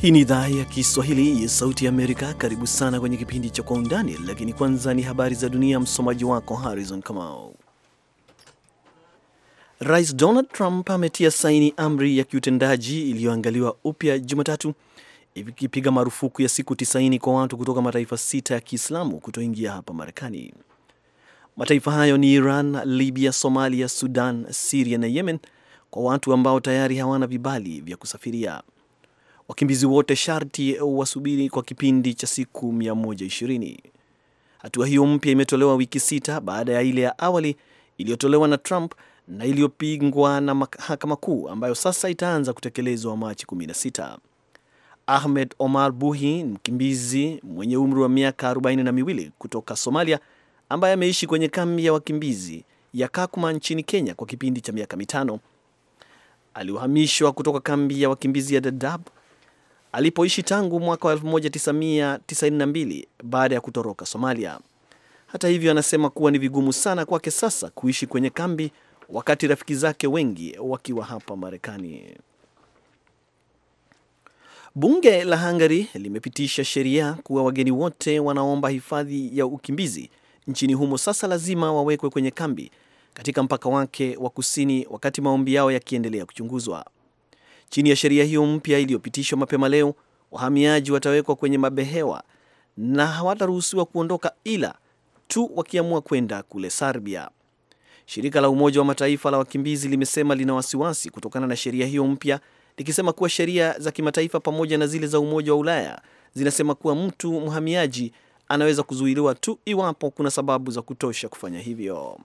Hii ni idhaa ya Kiswahili ya Sauti ya Amerika. Karibu sana kwenye kipindi cha Kwa Undani, lakini kwanza ni habari za dunia. Msomaji wako Harrison Kamau. Rais Donald Trump ametia saini amri ya kiutendaji iliyoangaliwa upya Jumatatu, ikipiga marufuku ya siku 90 kwa watu kutoka mataifa sita ya Kiislamu kutoingia hapa Marekani. Mataifa hayo ni Iran, Libya, Somalia, Sudan, Siria na Yemen, kwa watu ambao tayari hawana vibali vya kusafiria. Wakimbizi wote sharti wasubiri kwa kipindi cha siku 120. Hatua hiyo mpya imetolewa wiki sita baada ya ile ya awali iliyotolewa na Trump na iliyopingwa na mahakama kuu ambayo sasa itaanza kutekelezwa Machi 16. Ahmed Omar Buhi, mkimbizi mwenye umri wa miaka 42 kutoka Somalia, ambaye ameishi kwenye kambi ya wakimbizi ya Kakuma nchini Kenya kwa kipindi cha miaka mitano, aliohamishwa kutoka kambi ya wakimbizi ya Dadaab alipoishi tangu mwaka wa 1992 baada ya kutoroka Somalia. Hata hivyo, anasema kuwa ni vigumu sana kwake sasa kuishi kwenye kambi wakati rafiki zake wengi wakiwa hapa Marekani. Bunge la Hungary limepitisha sheria kuwa wageni wote wanaomba hifadhi ya ukimbizi nchini humo sasa lazima wawekwe kwenye kambi katika mpaka wake wa kusini wakati maombi yao yakiendelea kuchunguzwa. Chini ya sheria hiyo mpya iliyopitishwa mapema leo, wahamiaji watawekwa kwenye mabehewa na hawataruhusiwa kuondoka ila tu wakiamua kwenda kule Serbia. Shirika la Umoja wa Mataifa la wakimbizi limesema lina wasiwasi kutokana na sheria hiyo mpya, likisema kuwa sheria za kimataifa pamoja na zile za Umoja wa Ulaya zinasema kuwa mtu mhamiaji anaweza kuzuiliwa tu iwapo kuna sababu za kutosha kufanya hivyo.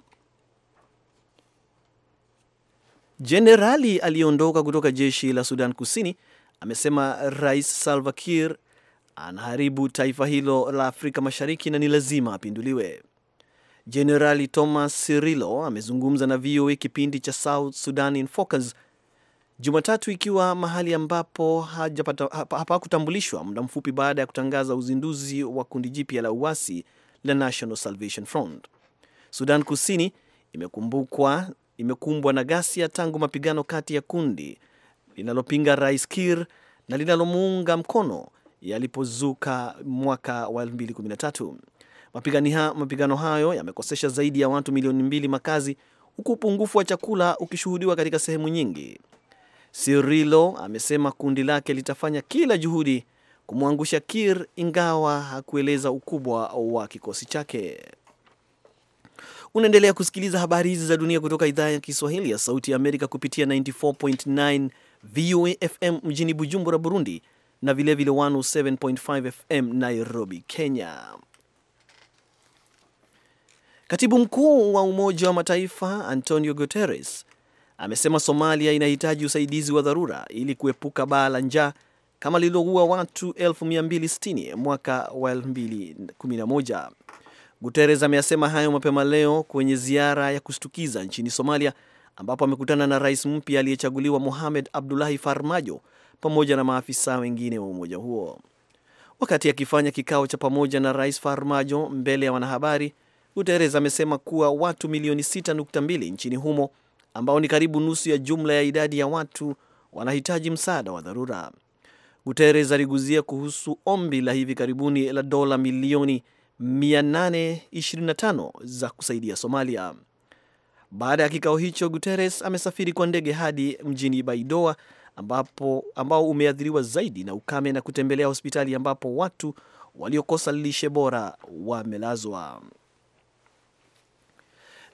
Jenerali aliyeondoka kutoka jeshi la Sudan Kusini amesema Rais Salva Kiir anaharibu taifa hilo la Afrika Mashariki na ni lazima apinduliwe. Jenerali Thomas Sirilo amezungumza na VOA kipindi cha South Sudan in Focus Jumatatu, ikiwa mahali ambapo hapakutambulishwa hapa muda mfupi baada ya kutangaza uzinduzi wa kundi jipya la uasi la National Salvation Front. Sudan Kusini imekumbukwa imekumbwa na ghasia tangu mapigano kati ya kundi linalopinga Rais Kir na linalomuunga mkono yalipozuka mwaka wa 2013. Mapigano hayo yamekosesha zaidi ya watu milioni mbili makazi huku upungufu wa chakula ukishuhudiwa katika sehemu nyingi. Sirilo amesema kundi lake litafanya kila juhudi kumwangusha kir ingawa hakueleza ukubwa wa kikosi chake. Unaendelea kusikiliza habari hizi za dunia kutoka idhaa ya Kiswahili ya Sauti ya Amerika kupitia 94.9 VOA FM mjini Bujumbura, Burundi, na vilevile 107.5 FM Nairobi, Kenya. Katibu mkuu wa Umoja wa Mataifa Antonio Guterres amesema Somalia inahitaji usaidizi wa dharura ili kuepuka baa la njaa kama lililoua watu 260 mwaka wa 2011. Guterres ameyasema hayo mapema leo kwenye ziara ya kushtukiza nchini Somalia, ambapo amekutana na rais mpya aliyechaguliwa Mohamed Abdullahi Farmajo pamoja na maafisa wengine wa umoja huo. Wakati akifanya kikao cha pamoja na rais Farmajo mbele ya wanahabari, Guterres amesema kuwa watu milioni 6.2 nchini humo ambao ni karibu nusu ya jumla ya idadi ya watu wanahitaji msaada wa dharura. Guterres aliguzia kuhusu ombi la hivi karibuni la dola milioni 825 za kusaidia Somalia. Baada ya kikao hicho, Guterres amesafiri kwa ndege hadi mjini Baidoa ambapo, ambao umeathiriwa zaidi na ukame na kutembelea hospitali ambapo watu waliokosa lishe bora wamelazwa.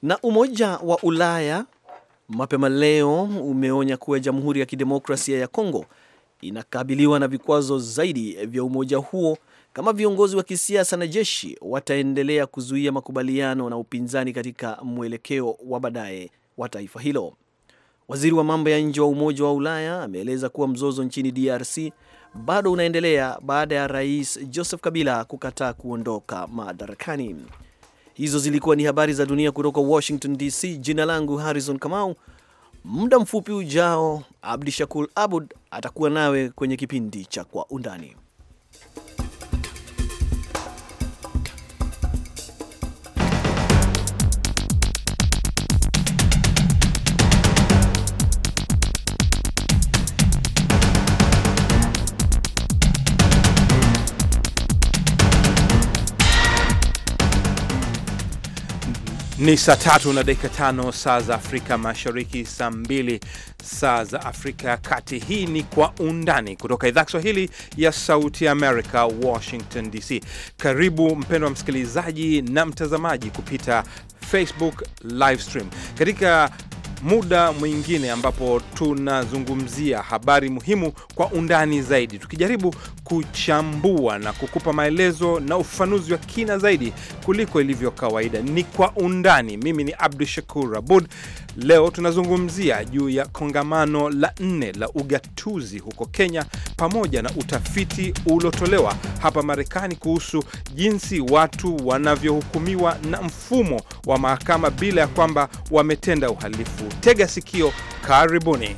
Na Umoja wa Ulaya mapema leo umeonya kuwa Jamhuri ya Kidemokrasia ya Kongo inakabiliwa na vikwazo zaidi vya umoja huo kama viongozi wa kisiasa na jeshi wataendelea kuzuia makubaliano na upinzani katika mwelekeo wa baadaye wa taifa hilo. Waziri wa mambo ya nje wa Umoja wa Ulaya ameeleza kuwa mzozo nchini DRC bado unaendelea baada ya Rais Joseph Kabila kukataa kuondoka madarakani. Hizo zilikuwa ni habari za dunia kutoka Washington DC. Jina langu Harrison Kamau. Muda mfupi ujao, Abdi Shakur Abud atakuwa nawe kwenye kipindi cha Kwa Undani. Ni saa tatu na dakika tano saa za Afrika Mashariki, saa mbili saa za Afrika ya Kati. Hii ni Kwa Undani kutoka idhaa Kiswahili ya Sauti Amerika, Washington DC. Karibu mpendwa msikilizaji na mtazamaji kupita Facebook live stream katika muda mwingine ambapo tunazungumzia habari muhimu kwa undani zaidi, tukijaribu kuchambua na kukupa maelezo na ufafanuzi wa kina zaidi kuliko ilivyo kawaida. Ni kwa undani. Mimi ni Abdu Shakur Abud. Leo tunazungumzia juu ya kongamano la nne la ugatuzi huko Kenya, pamoja na utafiti uliotolewa hapa Marekani kuhusu jinsi watu wanavyohukumiwa na mfumo wa mahakama bila ya kwamba wametenda uhalifu. Tega sikio, karibuni.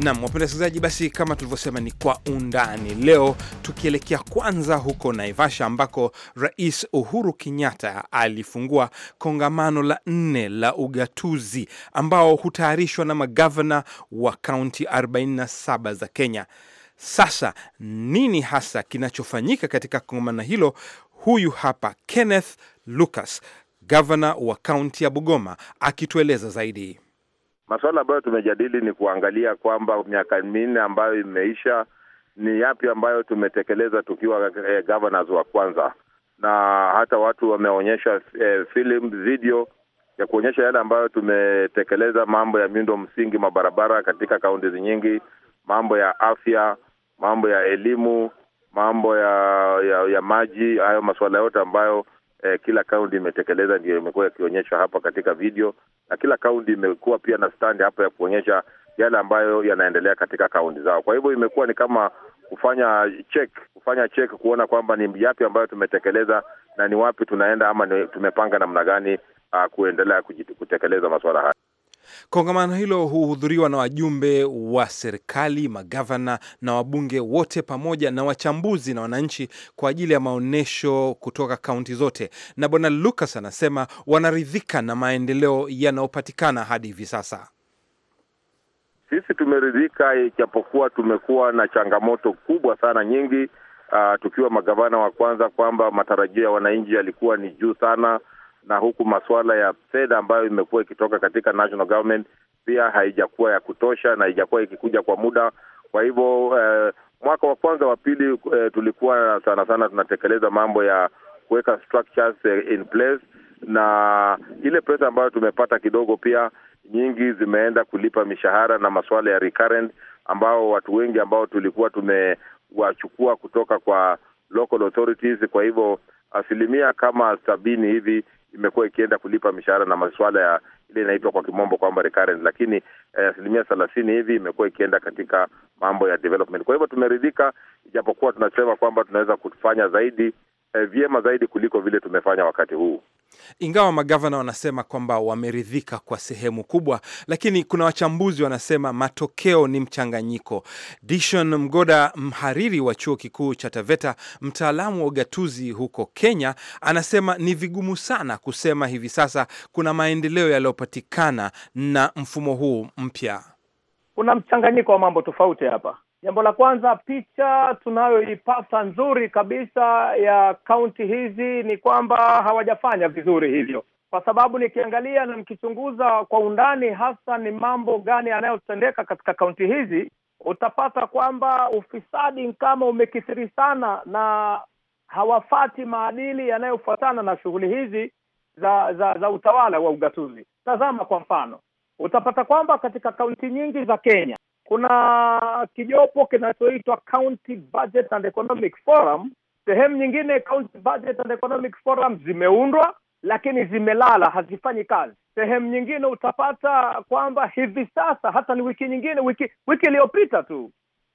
Nam, wapenda wasikilizaji, basi kama tulivyosema ni kwa undani leo, tukielekea kwanza huko Naivasha ambako Rais Uhuru Kenyatta alifungua kongamano la nne la ugatuzi ambao hutayarishwa na magavana wa kaunti 47 za Kenya. Sasa nini hasa kinachofanyika katika kongamano hilo? Huyu hapa Kenneth Lucas, gavana wa kaunti ya Bugoma, akitueleza zaidi. Masuala ambayo tumejadili ni kuangalia kwamba miaka minne ambayo imeisha ni yapi ambayo tumetekeleza tukiwa eh, governors wa kwanza, na hata watu wameonyesha eh, film video ya kuonyesha yale ambayo tumetekeleza, mambo ya miundo msingi, mabarabara katika kaunti nyingi, mambo ya afya, mambo ya elimu, mambo ya ya, ya maji, hayo masuala yote ambayo eh, kila kaunti imetekeleza ndio imekuwa yakionyeshwa hapa katika video, na kila kaunti imekuwa pia na standi hapa ya kuonyesha yale ambayo yanaendelea katika kaunti zao. Kwa hivyo imekuwa ni kama kufanya check, kufanya check kuona kwamba ni yapi ambayo tumetekeleza na ni wapi tunaenda ama ni tumepanga namna gani uh, kuendelea kutekeleza masuala haya. Kongamano hilo huhudhuriwa na wajumbe wa serikali, magavana na wabunge wote, pamoja na wachambuzi na wananchi kwa ajili ya maonyesho kutoka kaunti zote, na bwana Lucas anasema wanaridhika na maendeleo yanayopatikana hadi hivi sasa. Sisi tumeridhika, ijapokuwa tumekuwa na changamoto kubwa sana nyingi. Uh, tukiwa magavana wa kwanza kwamba matarajio ya wananchi yalikuwa ni juu sana na huku masuala ya fedha ambayo imekuwa ikitoka katika national government pia haijakuwa ya kutosha na haijakuwa ikikuja kwa muda. Kwa hivyo eh, mwaka wa kwanza wa pili eh, tulikuwa sana sana tunatekeleza mambo ya kuweka structures eh, in place, na ile pesa ambayo tumepata kidogo pia nyingi zimeenda kulipa mishahara na masuala ya recurrent, ambao watu wengi ambao tulikuwa tumewachukua kutoka kwa local authorities. Kwa hivyo asilimia kama sabini hivi imekuwa ikienda kulipa mishahara na masuala ya ile inaitwa kwa kimombo kwamba recurrent, lakini eh, asilimia thelathini hivi imekuwa ikienda katika mambo ya development. Kwa hivyo tumeridhika, ijapokuwa tunasema kwamba tunaweza kufanya zaidi eh, vyema zaidi kuliko vile tumefanya wakati huu. Ingawa magavana wanasema kwamba wameridhika kwa sehemu kubwa, lakini kuna wachambuzi wanasema matokeo ni mchanganyiko. Dishon Mgoda, mhariri wa chuo kikuu cha Taveta, mtaalamu wa ugatuzi huko Kenya, anasema ni vigumu sana kusema hivi sasa kuna maendeleo yaliyopatikana na mfumo huu mpya. Kuna mchanganyiko wa mambo tofauti hapa. Jambo la kwanza, picha tunayoipata nzuri kabisa ya kaunti hizi ni kwamba hawajafanya vizuri hivyo, kwa sababu nikiangalia na nikichunguza kwa undani, hasa ni mambo gani yanayotendeka katika kaunti hizi, utapata kwamba ufisadi kama umekithiri sana na hawafati maadili yanayofuatana na shughuli hizi za, za za utawala wa ugatuzi. Tazama kwa mfano, utapata kwamba katika kaunti nyingi za Kenya kuna kijopo kinachoitwa County Budget and Economic Forum. Sehemu nyingine County Budget and Economic Forum zimeundwa lakini zimelala, hazifanyi kazi. Sehemu nyingine utapata kwamba hivi sasa, hata ni wiki nyingine, wiki wiki iliyopita tu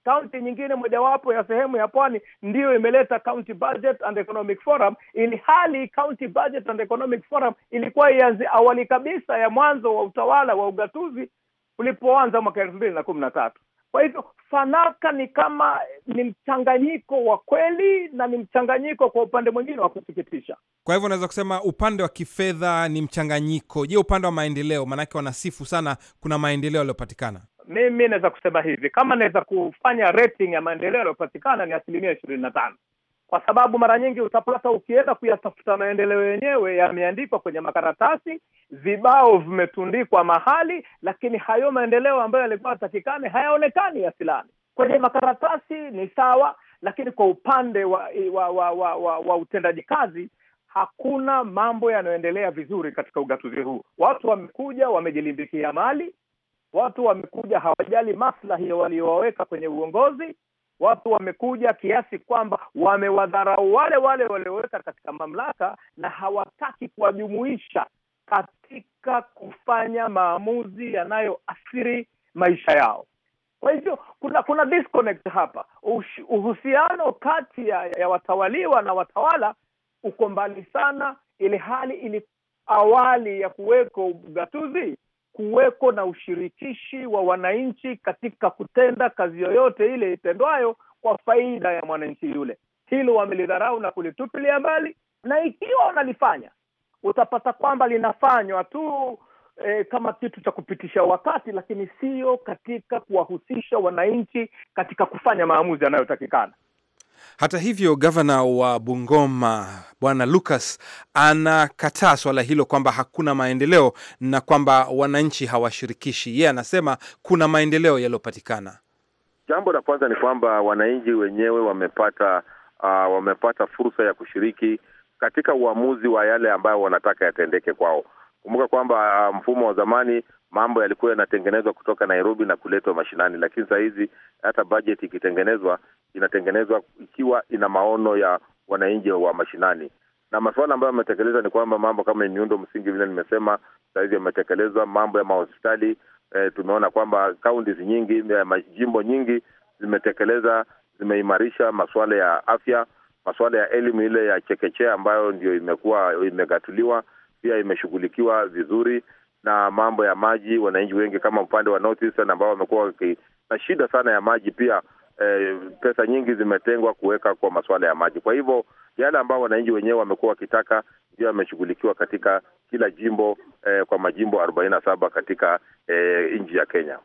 kaunti nyingine mojawapo ya sehemu ya pwani ndiyo imeleta County Budget and Economic Forum, ili hali County Budget and Economic Forum ilikuwa ianze awali kabisa ya mwanzo wa utawala wa ugatuzi ulipoanza mwaka elfu mbili na kumi na tatu. Kwa hivyo fanaka ni kama ni mchanganyiko wa kweli na ni mchanganyiko kwa upande mwingine wa kusikitisha. Kwa hivyo unaweza kusema upande wa kifedha ni mchanganyiko. Je, upande wa maendeleo? Maanake wanasifu sana, kuna maendeleo yaliyopatikana. Mimi naweza kusema hivi, kama naweza kufanya rating ya maendeleo yaliyopatikana ni asilimia ishirini na tano kwa sababu mara nyingi utapata ukienda kuyatafuta maendeleo yenyewe yameandikwa kwenye makaratasi, vibao vimetundikwa mahali, lakini hayo maendeleo ambayo yalikuwa yatakikane hayaonekani ya silani kwenye makaratasi. Ni sawa, lakini kwa upande wa wa wa, wa, wa, wa utendaji kazi hakuna mambo yanayoendelea vizuri katika ugatuzi huu. Watu wamekuja wamejilimbikia mali, watu wamekuja hawajali maslahi waliowaweka kwenye uongozi watu wamekuja kiasi kwamba wamewadharau wale wale walioweka katika mamlaka na hawataki kuwajumuisha katika kufanya maamuzi yanayoathiri maisha yao. Kwa hivyo kuna kuna disconnect hapa. Uhusiano kati ya, ya watawaliwa na watawala uko mbali sana, ili hali ili awali ya kuweko ugatuzi kuweko na ushirikishi wa wananchi katika kutenda kazi yoyote ile itendwayo kwa faida ya mwananchi yule. Hilo wamelidharau na kulitupilia mbali, na ikiwa wanalifanya utapata kwamba linafanywa tu e, kama kitu cha kupitisha wakati, lakini sio katika kuwahusisha wananchi katika kufanya maamuzi yanayotakikana. Hata hivyo gavana wa Bungoma bwana Lucas anakataa swala hilo kwamba hakuna maendeleo na kwamba wananchi hawashirikishi. Yeye yeah, anasema kuna maendeleo yaliyopatikana. Jambo la kwanza ni kwamba wananchi wenyewe wamepata uh, wamepata fursa ya kushiriki katika uamuzi wa yale ambayo wanataka yatendeke kwao. Kumbuka kwamba uh, mfumo wa zamani mambo yalikuwa yanatengenezwa kutoka Nairobi na kuletwa mashinani, lakini saa hizi hata bajeti ikitengenezwa inatengenezwa ikiwa ina maono ya wananchi wa mashinani. Na masuala ambayo yametekelezwa ni kwamba mambo kama miundo msingi, vile nimesema, saa hizi yametekelezwa. Mambo ya mahospitali e, tumeona kwamba kaunti nyingi, eh, majimbo nyingi zimetekeleza, zimeimarisha masuala ya afya, masuala ya elimu ile ya chekechea ambayo ndio imekuwa imegatuliwa pia imeshughulikiwa vizuri, na mambo ya maji, wananchi wengi kama upande wa North Eastern ambao wamekuwa na shida sana ya maji pia E, pesa nyingi zimetengwa kuweka kwa masuala ya maji. Kwa hivyo yale ambao wananchi wenyewe wamekuwa wakitaka ndio yameshughulikiwa katika kila jimbo e, kwa majimbo arobaini na saba katika e, nchi ya Kenya.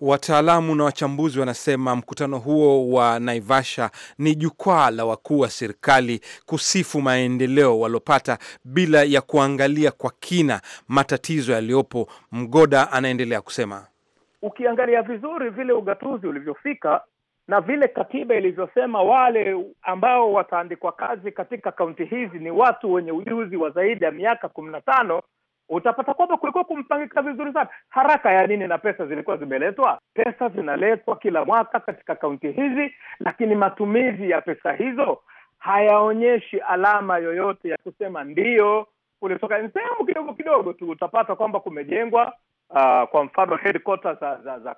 Wataalamu na wachambuzi wanasema mkutano huo wa Naivasha ni jukwaa la wakuu wa serikali kusifu maendeleo waliopata bila ya kuangalia kwa kina matatizo yaliyopo. Mgoda anaendelea kusema, ukiangalia vizuri vile ugatuzi ulivyofika na vile katiba ilivyosema, wale ambao wataandikwa kazi katika kaunti hizi ni watu wenye ujuzi wa zaidi ya miaka kumi na tano utapata kwamba kulikuwa kumpangika vizuri sana. Haraka ya nini? Na pesa zilikuwa zimeletwa, pesa zinaletwa kila mwaka katika kaunti hizi, lakini matumizi ya pesa hizo hayaonyeshi alama yoyote ya kusema ndiyo kulitoka. Ni sehemu kidogo kidogo tu utapata kwamba kumejengwa uh, kwa mfano headquarters za, za, za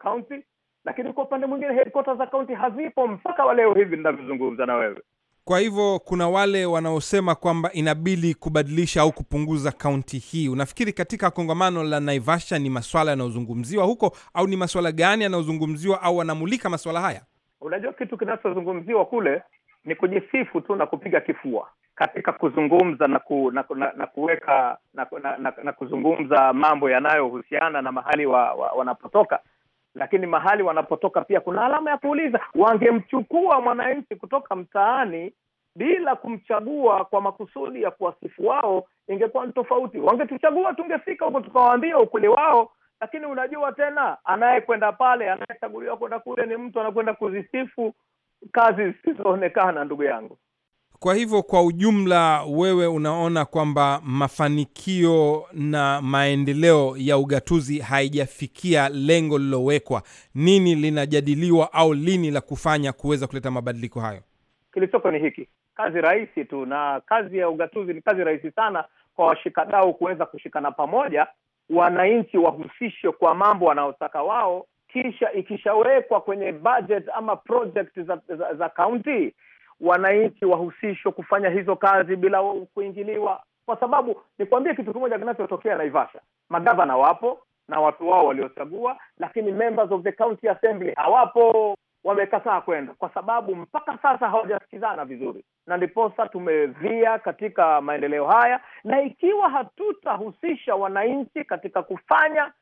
lakini kwa upande mwingine headquarters za kaunti hazipo mpaka wa leo hivi ninavyozungumza na wewe. Kwa hivyo kuna wale wanaosema kwamba inabidi kubadilisha au kupunguza kaunti hii. Unafikiri katika kongamano la Naivasha ni maswala yanayozungumziwa huko, au ni maswala gani yanayozungumziwa au wanamulika maswala haya? Unajua, kitu kinachozungumziwa kule ni kujisifu tu na kupiga kifua katika kuzungumza na, ku, na, na, na kuweka na, na, na, na kuzungumza mambo yanayohusiana na mahali wa, wa, wanapotoka lakini mahali wanapotoka pia kuna alama ya kuuliza. Wangemchukua mwananchi kutoka mtaani bila kumchagua kwa makusudi ya kuwasifu wao, ingekuwa ni tofauti. Wangetuchagua tungefika huko tukawaambia ukweli wao, lakini unajua tena, anayekwenda pale, anayechaguliwa kwenda kule ni mtu anakwenda kuzisifu kazi zisizoonekana, ndugu yangu. Kwa hivyo kwa ujumla, wewe unaona kwamba mafanikio na maendeleo ya ugatuzi haijafikia lengo lilowekwa. Nini linajadiliwa au lini la kufanya kuweza kuleta mabadiliko hayo? Kilichoko ni hiki, kazi rahisi tu, na kazi ya ugatuzi ni kazi rahisi sana kwa washikadau kuweza kushikana pamoja, wananchi wahusishwe kwa mambo wanayotaka wao kisha ikishawekwa kwenye budget ama project za za kaunti wananchi wahusishwe kufanya hizo kazi bila kuingiliwa, kwa sababu nikwambie kitu kimoja kinachotokea Naivasha, magavana wapo na watu wao waliochagua, lakini members of the county assembly hawapo, wamekataa kwenda kwa sababu mpaka sasa hawajasikizana vizuri, na ndiposa tumevia katika maendeleo haya, na ikiwa hatutahusisha wananchi katika kufanya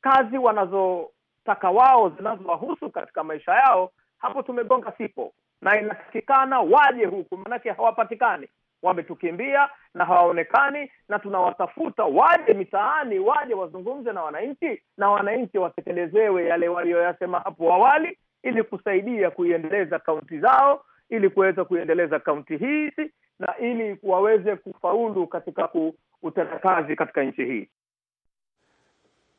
kazi wanazotaka wao zinazowahusu katika maisha yao, hapo tumegonga sipo na inatakikana waje huku, maanake hawapatikani, wametukimbia na hawaonekani, na tunawatafuta waje mitaani, waje wazungumze na wananchi, na wananchi watekelezewe yale waliyoyasema hapo awali, ili kusaidia kuiendeleza kaunti zao, ili kuweza kuiendeleza kaunti hizi na ili waweze kufaulu katika utendakazi katika nchi hii.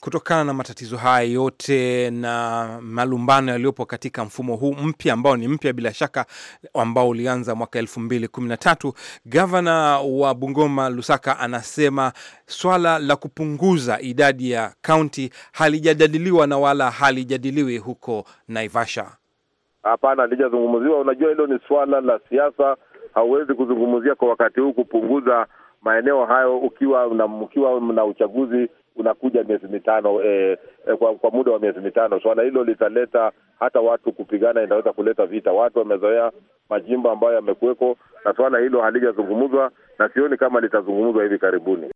Kutokana na matatizo haya yote na malumbano yaliyopo katika mfumo huu mpya ambao ni mpya bila shaka, ambao ulianza mwaka elfu mbili kumi na tatu, gavana wa Bungoma Lusaka anasema swala la kupunguza idadi ya kaunti halijajadiliwa na wala halijadiliwi huko Naivasha. Hapana, halijazungumziwa. Unajua, hilo ni swala la siasa, hauwezi kuzungumzia kwa wakati huu kupunguza maeneo hayo ukiwa ukiwa na uchaguzi unakuja miezi mitano eh, eh, kwa, kwa muda wa miezi mitano. Swala hilo litaleta hata watu kupigana, inaweza kuleta vita. Watu wamezoea majimbo ambayo yamekuweko, na swala hilo halijazungumzwa na sioni kama litazungumzwa hivi karibuni.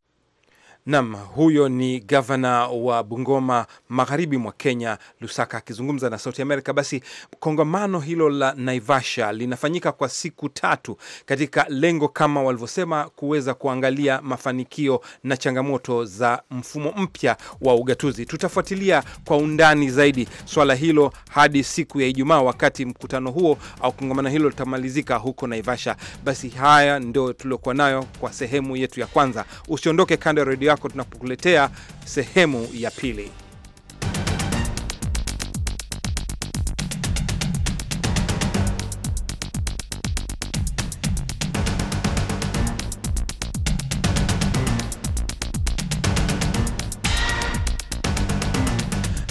Nam, huyo ni gavana wa Bungoma magharibi mwa Kenya, Lusaka, akizungumza na Sauti Amerika. Basi kongamano hilo la Naivasha linafanyika kwa siku tatu katika lengo kama walivyosema, kuweza kuangalia mafanikio na changamoto za mfumo mpya wa ugatuzi. Tutafuatilia kwa undani zaidi swala hilo hadi siku ya Ijumaa, wakati mkutano huo au kongamano hilo litamalizika huko Naivasha. Basi haya ndio tuliokuwa nayo kwa sehemu yetu ya kwanza. Usiondoke kando ya redio yako tunapokuletea sehemu ya pili.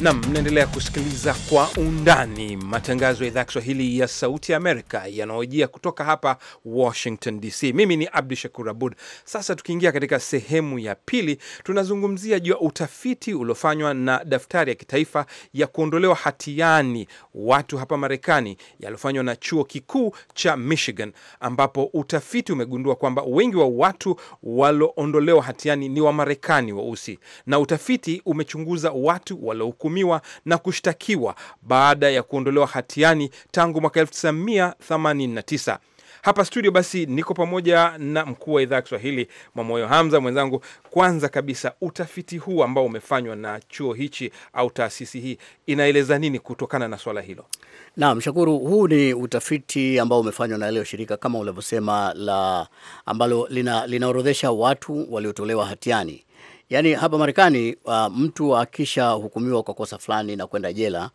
Nam, mnaendelea kusikiliza kwa undani matangazo ya idhaa ya Kiswahili ya Sauti ya Amerika yanaojia kutoka hapa Washington DC. Mimi ni Abdu Shakur Abud. Sasa tukiingia katika sehemu ya pili, tunazungumzia juu ya utafiti uliofanywa na daftari ya kitaifa ya kuondolewa hatiani watu hapa Marekani, yaliyofanywa na chuo kikuu cha Michigan, ambapo utafiti umegundua kwamba wengi wa watu walioondolewa hatiani ni Wamarekani weusi wa na utafiti umechunguza watu waliohukumiwa kuhukumiwa na kushtakiwa baada ya kuondolewa hatiani tangu mwaka 1989. Hapa studio basi niko pamoja na mkuu wa idhaa ya Kiswahili Mwamoyo Hamza mwenzangu. Kwanza kabisa, utafiti huu ambao umefanywa na chuo hichi au taasisi hii inaeleza nini kutokana na swala hilo? Naam, shukuru. Huu ni utafiti ambao umefanywa na leo shirika kama ulivyosema la ambalo linaorodhesha lina watu waliotolewa hatiani Yaani hapa Marekani uh, mtu akishahukumiwa kwa kosa fulani na kwenda jela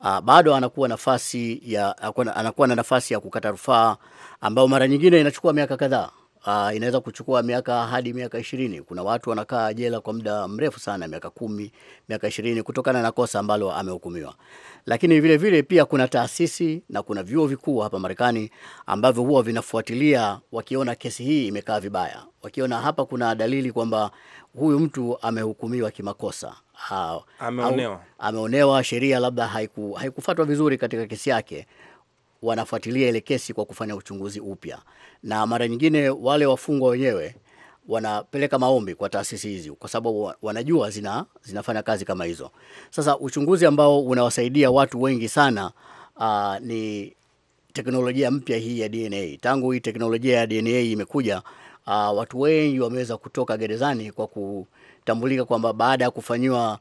uh, bado anakuwa nafasi ya anakuwa na nafasi ya kukata rufaa ambayo mara nyingine inachukua miaka kadhaa uh, inaweza kuchukua miaka hadi miaka ishirini. Kuna watu wanakaa jela kwa muda mrefu sana, miaka kumi, miaka ishirini, kutokana na kosa ambalo amehukumiwa. Lakini vile vile pia kuna taasisi na kuna vyuo vikuu hapa Marekani ambavyo huwa vinafuatilia, wakiona kesi hii imekaa vibaya, wakiona hapa kuna dalili kwamba huyu mtu amehukumiwa kimakosa ha, ah, ameonewa, ameonewa sheria labda haiku, haikufuatwa vizuri katika kesi yake wanafuatilia ile kesi kwa kufanya uchunguzi upya, na mara nyingine wale wafungwa wenyewe wanapeleka maombi kwa taasisi hizi kwa sababu wanajua zina, zinafanya kazi kama hizo. Sasa uchunguzi ambao unawasaidia watu wengi sana uh, ni teknolojia mpya hii ya DNA. Tangu hii teknolojia ya DNA imekuja, uh, watu wengi wameweza kutoka gerezani kwa kutambulika kwamba baada ya kufanyiwa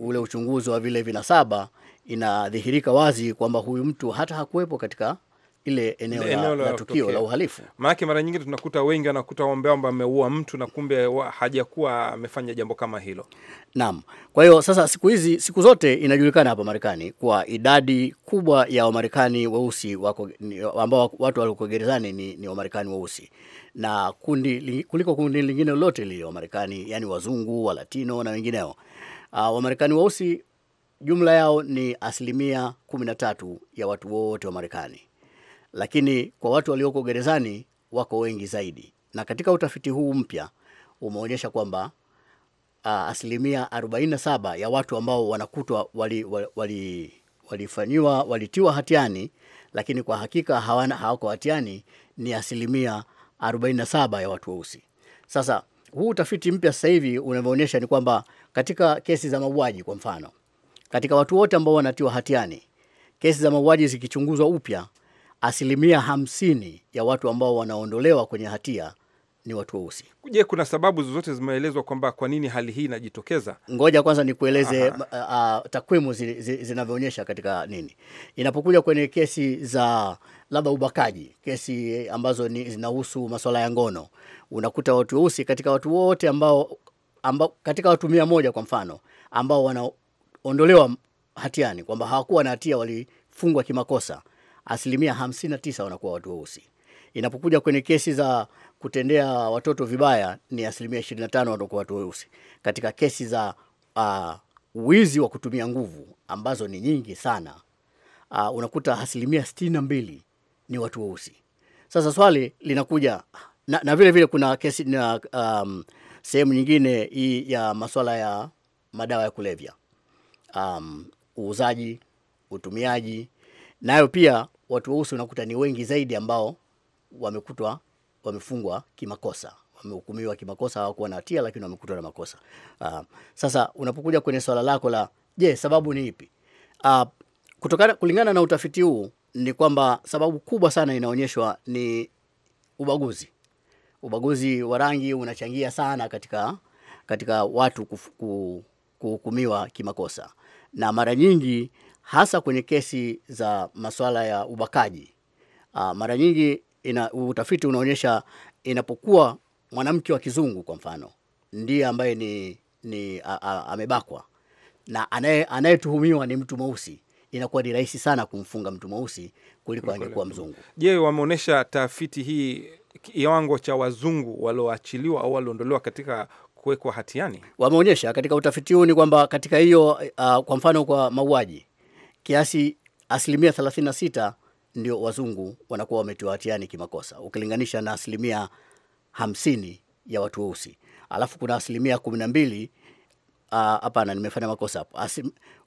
ule uchunguzi wa vile vinasaba inadhihirika wazi kwamba huyu mtu hata hakuwepo katika ile eneo, eneo la, la, la tukio la uhalifu. Maanake mara nyingi tunakuta wengi wanakuta ombeomba ameua mtu na kumbe hajakuwa amefanya jambo kama hilo. Naam. Kwa hiyo sasa, siku hizi, siku zote inajulikana hapa Marekani kwa idadi kubwa ya Wamarekani weusi ambao watu walioko gerezani ni, ni Wamarekani weusi na kundi, kuliko kundi lingine lolote lile Wamarekani, yani wazungu, Walatino na wengineo. Uh, Wamarekani weusi jumla yao ni asilimia 13 ya watu wote wa Marekani, lakini kwa watu walioko gerezani wako wengi zaidi. Na katika utafiti huu mpya umeonyesha kwamba uh, asilimia 47 ya watu ambao wanakutwa wali, wali, wali walitiwa hatiani, lakini kwa hakika hawana hawako hatiani ni asilimia 47 ya watu weusi. Sasa huu utafiti mpya sasa hivi unavyoonyesha ni kwamba katika kesi za mauaji kwa mfano katika watu wote ambao wanatiwa hatiani, kesi za mauaji zikichunguzwa upya, asilimia hamsini ya watu ambao wanaondolewa kwenye hatia ni watu weusi. Je, kuna sababu zozote zimeelezwa kwamba kwa nini hali hii inajitokeza? Ngoja kwanza nikueleze takwimu zinavyoonyesha zi, katika nini inapokuja kwenye kesi za labda ubakaji, kesi ambazo zinahusu masuala ya ngono, unakuta watu weusi katika watu wote ambao, ambao katika watu mia moja kwa mfano ambao waliondolewa hatiani kwamba hawakuwa na hatia, walifungwa kimakosa, asilimia 59 wanakuwa watu weusi. Inapokuja kwenye kesi za kutendea watoto vibaya ni asilimia 25 wanakuwa watu weusi. Katika kesi za uh, wizi wa kutumia nguvu ambazo ni nyingi sana uh, unakuta asilimia 62 ni watu weusi. Sasa swali linakuja na, na vile vile kuna kesi na um, sehemu nyingine hii ya masuala ya madawa ya kulevya um, uuzaji, utumiaji, nayo pia watu weusi unakuta ni wengi zaidi ambao wamekutwa wamefungwa kimakosa, wamehukumiwa kimakosa, hawakuwa na hatia, lakini wamekutwa na makosa. Uh, sasa unapokuja kwenye swala lako la je, sababu ni ipi? Uh, kutokana kulingana na utafiti huu ni kwamba sababu kubwa sana inaonyeshwa ni ubaguzi. Ubaguzi wa rangi unachangia sana katika katika watu kuhukumiwa kimakosa na mara nyingi hasa kwenye kesi za masuala ya ubakaji uh, mara nyingi ina, utafiti unaonyesha inapokuwa mwanamke wa kizungu kwa mfano ndiye ambaye ni, ni a, a, amebakwa na anayetuhumiwa ni mtu mweusi inakuwa ni rahisi sana kumfunga mtu mweusi kuliko angekuwa mzungu. Je, wameonyesha tafiti hii kiwango cha wazungu walioachiliwa au walioondolewa katika kuwekwa hatiani? Wameonyesha katika utafiti huu ni kwamba katika hiyo uh, kwa mfano kwa mauaji kiasi asilimia 36 ndio wazungu wanakuwa wametiwa hatiani kimakosa ukilinganisha na asilimia 50 ya watu weusi, alafu kuna asilimia 12 uh, hapana, uh, nimefanya makosa hapo.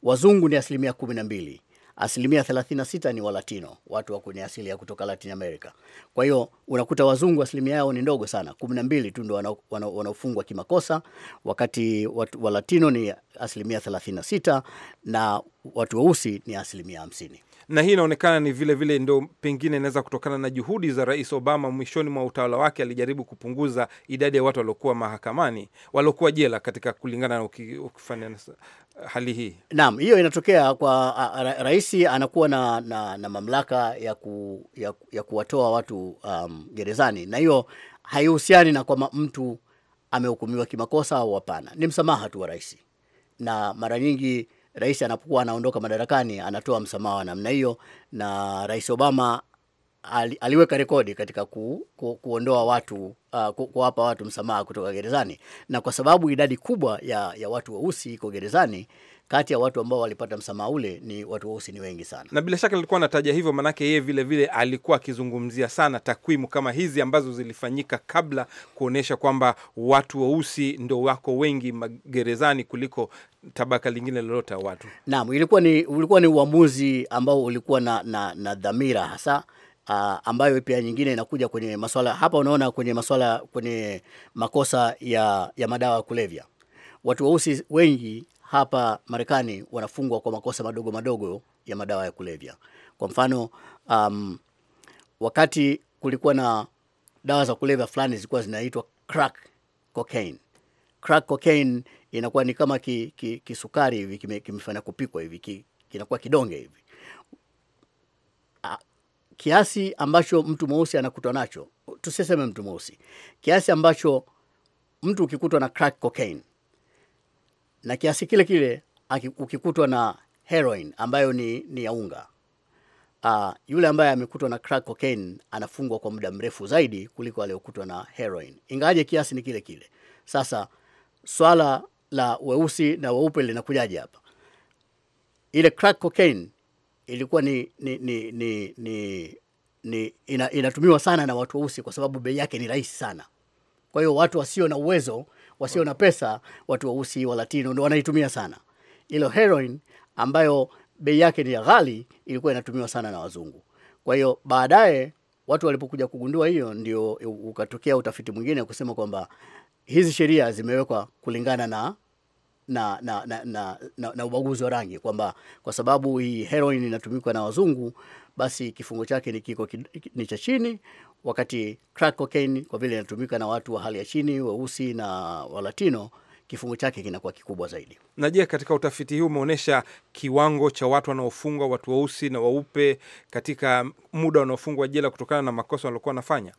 Wazungu ni asilimia 12 asilimia 36 ni Walatino, watu wa kwenye asili ya kutoka Latin America. Kwa hiyo unakuta wazungu asilimia yao ni ndogo sana, 12 tu ndio wanaofungwa kimakosa, wakati watu, Walatino ni asilimia 36 na watu weusi ni asilimia 50 na hii inaonekana ni vile vile ndo pengine inaweza kutokana na juhudi za Rais Obama. Mwishoni mwa utawala wake alijaribu kupunguza idadi ya watu waliokuwa mahakamani, waliokuwa jela, katika kulingana na ukifanya hali hii. Naam, hiyo inatokea kwa rais anakuwa na, na, na mamlaka ya, ku, ya, ya kuwatoa watu um, gerezani, na hiyo haihusiani na kwamba mtu amehukumiwa kimakosa au hapana, ni msamaha tu wa rais, na mara nyingi rais anapokuwa anaondoka madarakani anatoa msamaha wa namna hiyo, na rais Obama ali, aliweka rekodi katika ku, ku, kuondoa watu uh, ku, kuwapa watu msamaha kutoka gerezani, na kwa sababu idadi kubwa ya, ya watu weusi iko gerezani kati ya watu ambao walipata msamaha ule ni watu weusi ni wengi sana, na bila shaka alikuwa anataja hivyo, maanake yeye vile vile alikuwa akizungumzia sana takwimu kama hizi ambazo zilifanyika kabla kuonyesha kwamba watu weusi ndo wako wengi magerezani kuliko tabaka lingine lolote la watu. Naam, ilikuwa ni ulikuwa ni uamuzi ambao ulikuwa na, na, na dhamira hasa Uh, ambayo pia nyingine inakuja kwenye masuala hapa, unaona kwenye masuala kwenye makosa ya, ya madawa ya kulevya, watu weusi wengi hapa Marekani wanafungwa kwa makosa madogo madogo ya madawa ya kulevya. Kwa mfano, um, wakati kulikuwa na dawa za kulevya fulani zilikuwa zinaitwa crack cocaine. Crack cocaine inakuwa ni kama ki, ki, kisukari hivi kimefanya kupikwa hivi ki, kinakuwa kidonge hivi kiasi ambacho mtu mweusi anakutwa nacho, tusiseme mtu mweusi, kiasi ambacho mtu ukikutwa na crack cocaine na kiasi kile kile ukikutwa na heroin ambayo ni, ni ya unga uh, yule ambaye amekutwa na crack cocaine anafungwa kwa muda mrefu zaidi kuliko aliyokutwa na heroin, ingawaje kiasi ni kile kile. Sasa swala la weusi na weupe linakujaje hapa? Ile crack cocaine ilikuwa ni, ni, ni, ni, ni, ni ina, inatumiwa sana na watu weusi kwa sababu bei yake ni rahisi sana. Kwa hiyo watu wasio na uwezo wasio na pesa, watu weusi wa Latino ndo wanaitumia sana ilo heroin, ambayo bei yake ni ya ghali, ilikuwa inatumiwa sana na wazungu. Kwa hiyo baadaye watu walipokuja kugundua hiyo, ndio ukatokea utafiti mwingine kusema kwamba hizi sheria zimewekwa kulingana na na na, na, na, na, na ubaguzi wa rangi, kwamba kwa sababu hii heroin inatumikwa na wazungu, basi kifungo chake ni kiko ni cha chini, wakati crack cocaine kwa vile inatumika na watu wa hali ya chini weusi na walatino kifungo chake kinakuwa kikubwa zaidi. Na je, katika utafiti huu umeonyesha kiwango cha watu wanaofungwa, watu weusi na weupe, katika muda wanaofungwa jela kutokana na makosa waliokuwa wanafanya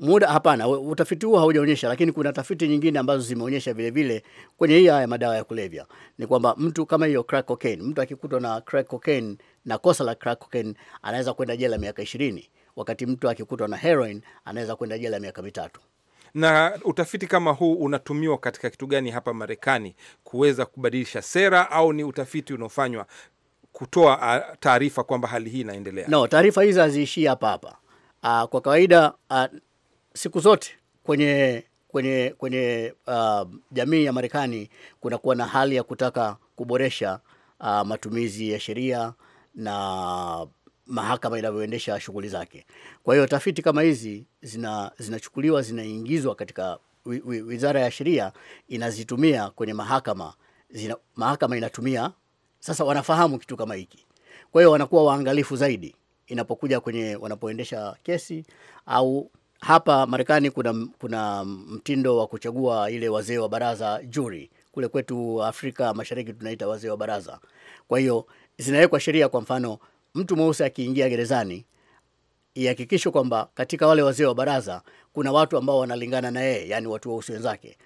muda? Hapana, utafiti huu haujaonyesha, lakini kuna tafiti nyingine ambazo zimeonyesha vilevile kwenye hii haya madawa ya kulevya, ni kwamba mtu kama hiyo crack cocaine, mtu akikutwa na crack cocaine na kosa la crack cocaine anaweza kwenda jela miaka ishirini wakati mtu akikutwa na heroin anaweza kwenda jela miaka mitatu. Na utafiti kama huu unatumiwa katika kitu gani hapa Marekani kuweza kubadilisha sera, au ni utafiti unaofanywa kutoa taarifa kwamba hali hii inaendelea? No, taarifa hizi haziishii hapa hapa. Kwa kawaida a, siku zote kwenye kwenye kwenye uh, jamii ya Marekani kunakuwa na hali ya kutaka kuboresha uh, matumizi ya sheria na mahakama inavyoendesha shughuli zake. Kwa hiyo tafiti kama hizi zinachukuliwa zina zinaingizwa katika wizara ya sheria inazitumia kwenye mahakama zina, mahakama inatumia sasa, wanafahamu kitu kama hiki, kwa hiyo wanakuwa waangalifu zaidi inapokuja kwenye wanapoendesha kesi au hapa Marekani kuna, kuna mtindo wa kuchagua ile wazee wa baraza juri. Kule kwetu Afrika Mashariki tunaita wazee wa baraza. Kwa hiyo zinawekwa sheria, kwa mfano mtu mweusi akiingia gerezani ihakikishwe kwamba katika wale wazee wa baraza kuna watu ambao wanalingana na yeye, yani watu weusi wenzake.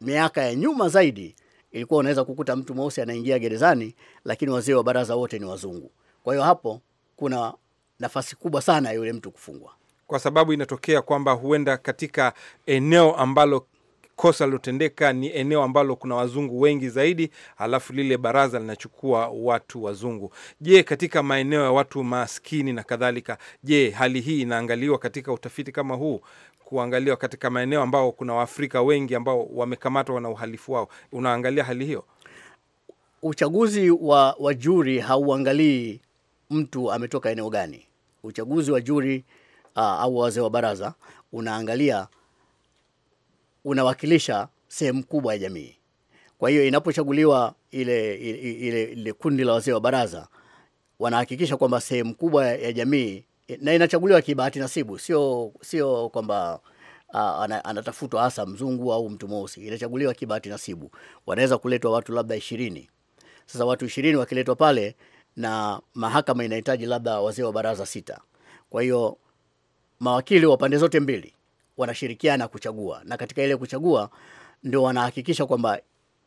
Miaka ya nyuma zaidi ilikuwa unaweza kukuta mtu mweusi anaingia gerezani, lakini wazee wa baraza wote ni wazungu. Kwa hiyo hapo kuna nafasi kubwa sana ya yule mtu kufungwa, kwa sababu inatokea kwamba huenda katika eneo ambalo kosa lilotendeka ni eneo ambalo kuna wazungu wengi zaidi, alafu lile baraza linachukua watu wazungu. Je, katika maeneo ya watu maskini na kadhalika, je, hali hii inaangaliwa katika utafiti kama huu, kuangaliwa katika maeneo ambao kuna Waafrika wengi ambao wamekamatwa na uhalifu wao? Unaangalia hali hiyo? Uchaguzi wa, wa juri hauangalii mtu ametoka eneo gani. Uchaguzi wa juri uh, au wazee wa baraza unaangalia unawakilisha sehemu kubwa ya jamii. Kwa hiyo inapochaguliwa ile, ile, ile, ile kundi la wazee wa baraza wanahakikisha kwamba sehemu kubwa ya jamii na inachaguliwa kibahati nasibu, sio sio kwamba anatafutwa hasa mzungu au mtu mweusi, inachaguliwa kibahati nasibu. Wanaweza kuletwa watu labda ishirini. Sasa watu ishirini wakiletwa pale, na mahakama inahitaji labda wazee wa baraza sita. Kwa hiyo mawakili wa pande zote mbili wanashirikiana kuchagua, na katika ile kuchagua ndio wanahakikisha kwamba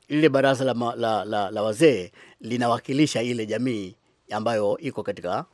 lile baraza la, la, la, la wazee linawakilisha ile jamii ambayo iko katika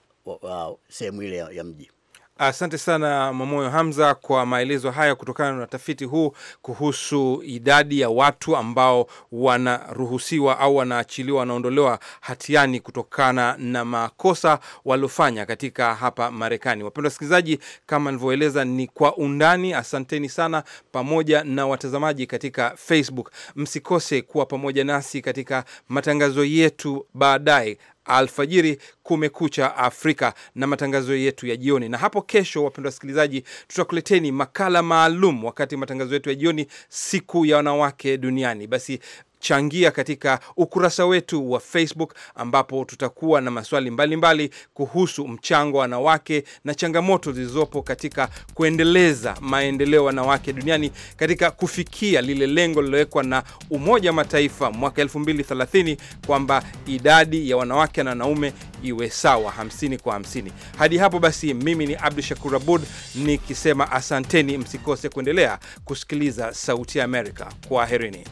sehemu ile ya mji. Asante sana Mwamoyo Hamza kwa maelezo haya kutokana na tafiti huu kuhusu idadi ya watu ambao wanaruhusiwa au wanaachiliwa, wanaondolewa hatiani kutokana na makosa waliofanya katika hapa Marekani. Wapendwa wasikilizaji, kama nilivyoeleza ni kwa undani. Asanteni sana pamoja na watazamaji katika Facebook, msikose kuwa pamoja nasi katika matangazo yetu baadaye alfajiri, Kumekucha Afrika na matangazo yetu ya jioni. Na hapo kesho, wapendwa wasikilizaji, tutakuleteni makala maalum wakati matangazo yetu ya jioni, siku ya wanawake duniani. Basi changia katika ukurasa wetu wa Facebook ambapo tutakuwa na maswali mbalimbali mbali kuhusu mchango wa wanawake na changamoto zilizopo katika kuendeleza maendeleo wanawake duniani katika kufikia lile lengo lililowekwa na Umoja wa Mataifa mwaka 2030 kwamba idadi ya wanawake na wanaume iwe sawa 50 kwa 50. Hadi hapo basi, mimi ni Abdu Shakur Abud nikisema asanteni, msikose kuendelea kusikiliza Sauti ya Amerika. Kwaherini.